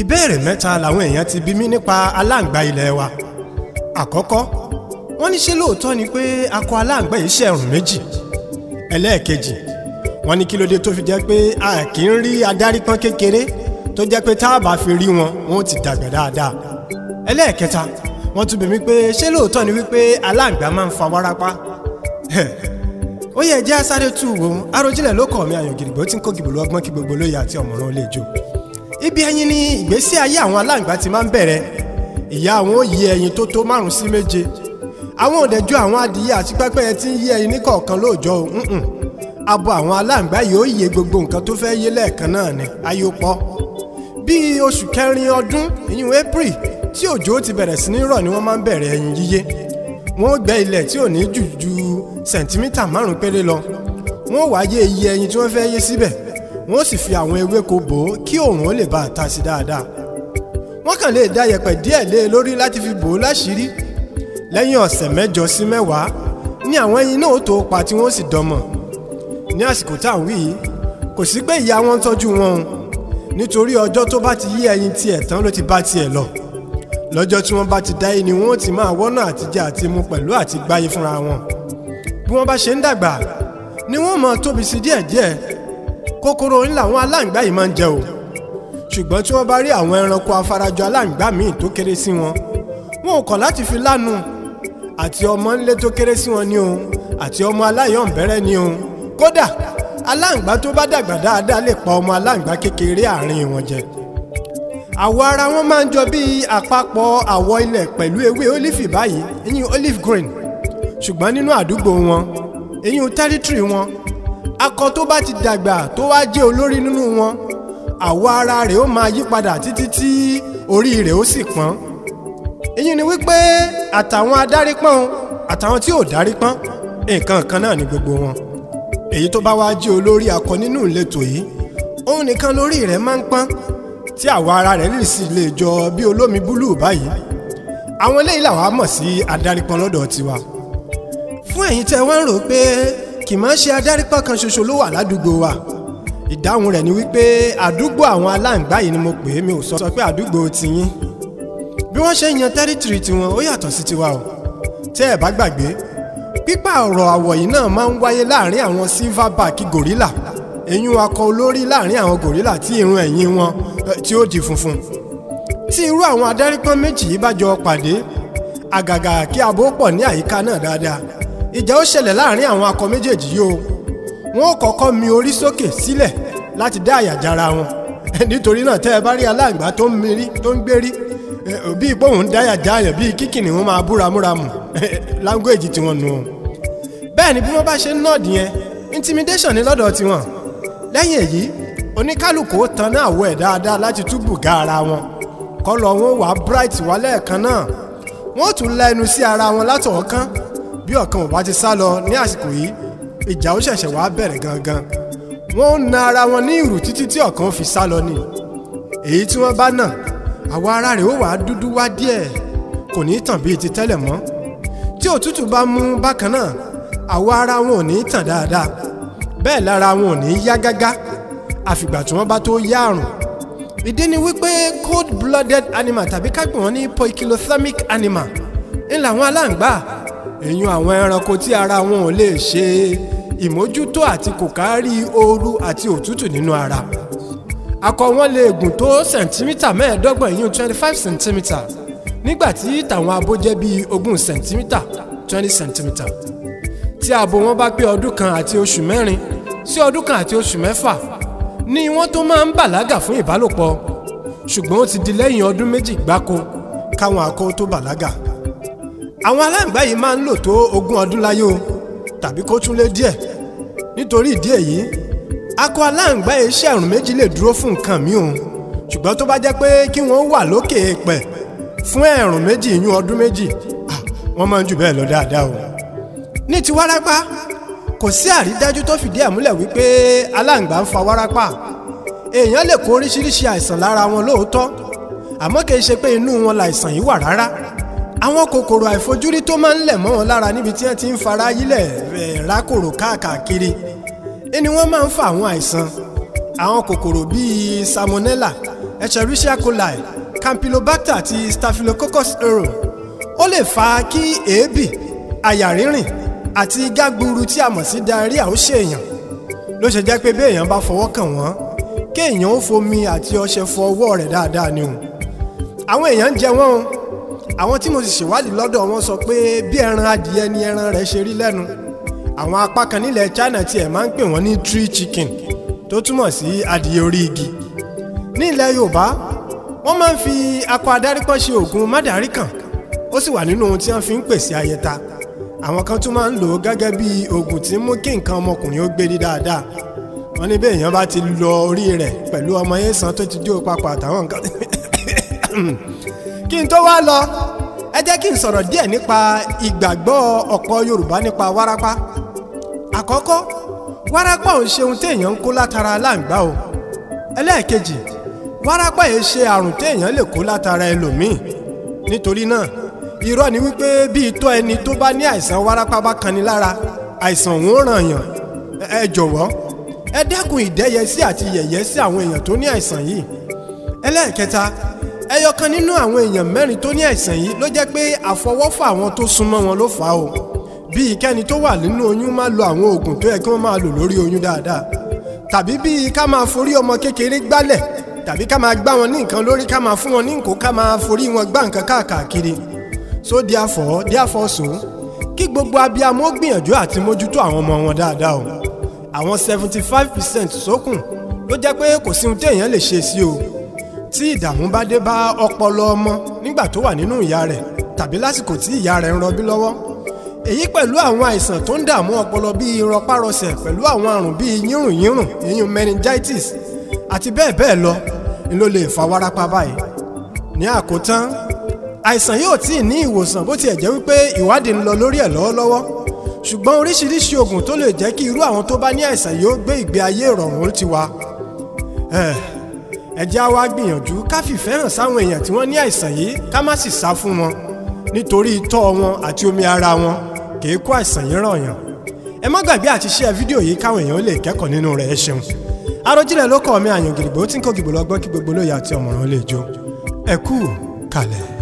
ìbéèrè mẹ́ta làwọn èèyàn ti bí mí nípa aláǹgbá ilé wa àkọ́kọ́ wọ́n ní ṣé lóòótọ́ ni pé akọ aláǹgbá yìí ṣẹ̀rùn méjì ẹlẹ́ẹ̀kejì wọ́n ní kí ló dé tó fi jẹ́ pé a kì í rí adarí pọ́n kékeré tó jẹ́ pé tá fi rí wọn wọn ò ti dàgbà dáadáa ẹlẹ́ẹ̀kẹta wọ́n tún bi mí pé ṣé lóòótọ́ ni wípé aláǹgbá máa ń fa wárápá ó yẹ jẹ́ asáré tù wò Àròjinlẹ̀ ló kọ̀ mí Ayọ̀ Gidigbo tí ń kó gìbò lọ́gbọ́n kí gbogbo lóye àti ọ̀mọ̀ràn ó lè jó ibi ẹyin ni ìgbésí ayé àwọn aláǹgbá ti máa ń bẹ̀rẹ̀ ìyá àwọn ó yé ẹyin tó tó márùn sí méje àwọn ò dẹ̀ ju àwọn adìyẹ àti pẹ́pẹ́yẹ tí ń yé ẹyin ní kọ̀ọ̀kan lóòjọ́ nǹkan abo àwọn aláǹgbá yìí ó yé gbogbo nǹkan tó fẹ́ yé lẹ́ẹ̀kan náà ni ayopọ̀ bíi oṣù kẹrin ọdún ìyún april tí òjò ti bẹ̀rẹ̀ sí ní rọ̀ ni wọ́n máa ń bẹ̀rẹ̀ ẹyin yíyé wọ́n gbẹ́ ilẹ̀ tí ò ní jù ju sẹ̀ǹtímítà márùn-ún péré lọ wọ́n wáá yé iye ẹyin tí wọ́n fẹ́ yé síbẹ̀ wọ́n sì fi àwọn ewéko bò ó kí òòrùn ó lè bá a ta sí dáadáa wọ́n kàn lè dá yẹ̀pẹ̀ díẹ̀ lé e lórí láti fi bò ó láṣìírí lẹ́yìn ọ̀sẹ̀ mẹ́jọ sí mẹ́wàá ni àwọn ẹyin náà ó tó pa tí wọ́n sì dọmọ ní àsìkò tá à ń wí yìí kò sí pé ìyá wọn tọ́jú wọn o nítorí ọjọ́ tó bá ti yí ẹyin tiẹ̀ tán ló ti bá tiẹ̀ lọ lọ́jọ́ tí wọ́n bá ti dáyé ni wọ́n ti máa wọ́nà àtijẹ àti mu pẹ̀lú àti gbáyé fúnra wọn bí wọ́n bá ṣe ń dàgbà ni wọ́n máa tóbi sí díẹ̀díẹ̀ kòkòrò ńlá àwọn aláǹgbá yìí máa ń jẹ o ṣùgbọ́n tí wọ́n bá rí àwọn ẹranko afarajọ aláǹgbá míì tó kéré sí wọn wọn ò kọ̀ láti fi lánu àti ọmọ ńlé tó kéré sí wọn ni o àti ọmọ aláyọ̀ǹbẹ̀rẹ̀ ni o kódà aláǹgbá tó bá dàgbà dáadáa lè pa ọmọ aláǹgbá kékeré àárín wọn jẹ àwọ̀ ara wọn máa ń jọ bí àpapọ̀ àwọ̀ ilẹ̀ pẹ̀lú ewé ólífì báyìí ìyún olive green ṣùgbọ́n nínú àdúgbò wọn ìyún tẹ́rítírì wọn akọ tó bá ti dàgbà tó wá jẹ́ olórí nínú wọn àwọ̀ ara rẹ̀ ó máa yí padà títí tí orí rẹ̀ ó sì pọ́n èyí ni wípé àtàwọn adarí pọ́n àtàwọn tí ò darí pọ́n nǹkan kan náà ni gbogbo wọn èyí tó bá wá jẹ́ olórí akọ nínú ìletò yìí òun nìkan lórí rẹ̀ máa ń pọ́n tí àwọ̀ ara rẹ̀ lè sì lè jọ bí olómi búlúù báyìí àwọn eléyìí làwa mọ̀ sí adarí pọ́n lọ́dọ̀ tiwa fún ẹ̀yin tẹ́ wá rò pé kì máa ṣe adárípá kan ṣoṣo ló wà ládùúgbò wa ìdáhùn rẹ̀ ni wípé àdúgbò àwọn aláǹgbá yìí ni mo pè é mi ò sọ pé àdúgbò tiyín bí wọ́n ṣe yan tẹ́rítìrì tiwọn ó yàtọ̀ sí tiwa o tẹ́ ẹ̀ bá gbàgbé pípa ọ̀rọ̀ àwọ̀ yìí náà máa ń wáyé láàrin àwọn silverback gorilla eyín akọ olórí láàrin àwọn gorilla tí irun ẹ̀yìn wọn tí ó di funfun tí irú àwọn adárípọ́n méjì yìí bá jọ pàdé àgàgà kí abo pọ̀ ní àyíká náà dáadáa ìjà ó ṣẹlẹ̀ láàrin àwọn akọ méjèèjì yìí o wọn ó kọ́kọ́ mi orí sókè sílẹ̀ láti dá àyàjára wọn nítorí náà tẹ́ ẹ bá rí aláǹgbá tó ń mirí tó ń gbérí bí ìpòhùn ń dáyàjá yẹn bí kíkìnì wọn máa búramúramù láńgóèjì tiwọn nù. bẹ́ẹ̀ ni bí wọ́n bá ṣe ń nọ́ọ̀dì yẹn intimidation ni lọ́dọ̀ tiwọn lẹ́yìn èyí oníkálukú tan náà wọ ẹ̀ dáadáa láti túbù ga ara wọn kọ́lọ̀ wọn wà bright wálẹ̀ kan náà wọ́n tún la ẹnu sí ara wọn látọ̀ọ́kán bí ọ̀kan ò bá ti sá lọ ní àsìkò yìí ìjà ó ṣẹ̀ṣẹ̀ wá bẹ̀rẹ̀ gangan wọ́n ń na ara wọn ní ìrù títí tí ọ̀kan fi sá lọ ni èyí tí wọ́n bá nà àwọ̀ ara rẹ̀ ó wàá dúdú wá díẹ̀ kò ní tàn bíi ti tẹ́lẹ̀ mọ́ tí òtútù bá mú bákan náà àwọ̀ ara wọn ò ní tàn dáadáa bẹ́ẹ̀ lára wọn ò ní yá gágá àfìgbà tí wọ́n bá tó yá àrùn ìdí ni wípé cold blooded animal tàbí ká pè wọ́n ní poikilothermic animal ńlá àwọn aláǹgbá èyun àwọn ẹranko tí ara wọn ò lè ṣe ìmójútó àti kò kárí ooru àti òtútù nínú ara akọ wọn lè gùn tó sẹ̀ǹtímítà mẹ́ẹ̀ẹ́dọ́gbọ̀n èyun twenty five centimeter nígbà tí tàwọn abo jẹ́ bíi ogún sẹ̀ǹtímítà twenty centimeter tí abo wọn bá pé ọdún kan àti oṣù mẹ́rin sí ọdún kan àti oṣù mẹ́fà ni wọ́n tó máa ń bàlágà fún ìbálòpọ̀ ṣùgbọ́n ó ti di lẹ́yìn ọdún méjì gbáko káwọn akọ tó bàlágà àwọn aláǹgbá yìí máa ń lò tó ogún ọdún láyé o tàbí kó tún lé díẹ̀ nítorí ìdí èyí akọ aláǹgbá iṣẹ́ àrùn méjì lè dúró fún nǹkan mi o ṣùgbọ́n tó bá jẹ́ pé kí wọ́n wà lókè èèpẹ̀ fún ẹ̀rùn méjì ìyún ọdún méjì wọ́n máa ń jù bẹ́ẹ̀ lọ dáadáa o ní ti wárápá kò sí àrídájú tó fìdí ẹ̀ wípé aláǹgbá ń fa wárápá èèyàn lè kó oríṣiríṣi àìsàn lára wọn lóòótọ́ àmọ́ kì í ṣe pé inú wọn làìsàn yìí wà rárá àwọn kòkòrò àìfojúrí tó máa ń lẹ̀ mọ́ wọn lára níbi tí wọ́n ti ń fara yílẹ̀ rákòrò káàkiri ni wọ́n máa ń fa àwọn àìsàn àwọn kòkòrò bíi salmonella escherichia coli campylobacter àti staphylococcus aureus ó lè fa kí èébì àyà rírìn àti gágburu tí a mọ̀ sí diarrhea ó ṣe èèyàn ló ṣe jẹ́ pé bí èèyàn bá fọwọ́ kàn wọ́n kéèyàn ó fomi àti ọṣẹ fọ ọwọ́ rẹ̀ dáadáa ni o àwọn èèyàn ń jẹ wọ́n o àwọn tí mo sì ṣèwádìí lọ́dọ̀ wọn sọ pé bí ẹran adìyẹ ni ẹran rẹ̀ ṣe rí lẹ́nu àwọn apá kan nílẹ̀ China tiẹ̀ máa ń pè wọ́n ní tree chicken tó túmọ̀ sí adìyẹ orí igi ní ilẹ̀ Yorùbá wọ́n máa ń fi akọ adárípọ̀ ṣe oògùn mádàríkàn ó sì wà nínú ohun tí wọ́n fi ń pèsè ayẹta àwọn kan tún máa ń lò ó gẹ́gẹ́ bí oògùn tí ń mú kí nǹkan ọmọkùnrin ó gbé ní dáadáa wọ́n ní bí èèyàn bá ti lọ orí rẹ̀ pẹ̀lú ọmọ yẹn san tó ti dí òpapọ̀ àtàwọn nǹkan kí n tó wá lọ ẹ jẹ́ kí n sọ̀rọ̀ díẹ̀ nípa ìgbàgbọ́ ọ̀pọ̀ Yorùbá nípa wárápá àkọ́kọ́ wárápá ò ń ṣe ohun téèyàn ń kó látara aláǹgbá o ẹlẹ́ẹ̀kejì wárápá yìí ṣe àrùn téèyàn lè kó látara ẹlòmíì nítorí náà irọ́ ni wípé bí itọ́ ẹni tó bá ní àìsàn wárápá bá kan ni lára àìsàn òun ràn yàn ẹ jọ̀wọ́ ẹ dẹ́kun ìdẹ́yẹsí àti yẹ̀yẹ́sí àwọn èèyàn tó ní àìsàn yìí ẹlẹ́ẹ̀kẹta ẹyọkan nínú àwọn èèyàn mẹ́rin tó ní àìsàn yìí ló jẹ́ pé àfọwọ́fà àwọn tó súnmọ́ wọn ló fà á o bí ìkẹ́ni tó wà nínú oyún máa lo àwọn oògùn tó yẹ kí wọ́n máa lò lórí oyún dáadáa tàbí bíi ká máa forí ọmọ kékeré gbálẹ̀ tàbí ká máa gbá wọn ní nǹkan lórí ká máa fún wọn ní nǹkó ká máa forí wọn gbá nǹkan káàkiri so therefore therefore so kí gbogbo abiyamọ gbìyànjú àti mójútó àwọn ọmọ wọn dáadáa o àwọn seventy five percent sókùn ló jẹ́ pé kò sí ohun téèyàn lè ṣe sí o tí ìdààmú bá dé bá ọpọlọ ọmọ nígbà tó wà nínú ìyá rẹ̀ tàbí lásìkò tí ìyá rẹ̀ ń rọbí lọ́wọ́ èyí pẹ̀lú àwọn àìsàn tó ń dààmú ọpọlọ bíi rọpárọsẹ̀ pẹ̀lú àwọn àrùn bíi yírùnyírùn ìyún meningitis àti bẹ́ẹ̀ bẹ́ẹ̀ lọ ni ló lè fa wárápá báyìí ní àkótán àìsàn yóò tí ì ní ìwòsàn bó tiẹ̀ jẹ́ wípé ìwádìí ń lọ lórí ẹ̀ lọ́wọ́lọ́wọ́ ṣùgbọ́n oríṣiríṣi oògùn tó lè jẹ́ kí irú àwọn tó bá ní àìsàn yóò gbé ìgbé ayé ìrọ̀rùn ti wà. Eh ẹ jẹ́ àwa gbìyànjú ká fìfẹ́ hàn sáwọn èèyàn tí wọ́n ní àìsàn yìí ká má sì sá fún wọn nítorí itọ́ wọn àti omi ara wọn kìí kó àìsàn yìí ràn yàn ẹ má gbàgbé àti share fídíò yìí káwọn èèyàn lè kẹ́kọ̀ọ́ nínú rẹ̀ ẹ ṣeun Àròjinlẹ̀ ló kọ́ mi àyàn gìrìgbò tí ń kó gìbò lọ́gbọ́n kí gbogbo lóye àti ọ̀mọ̀ràn lè jó ẹ kalẹ̀.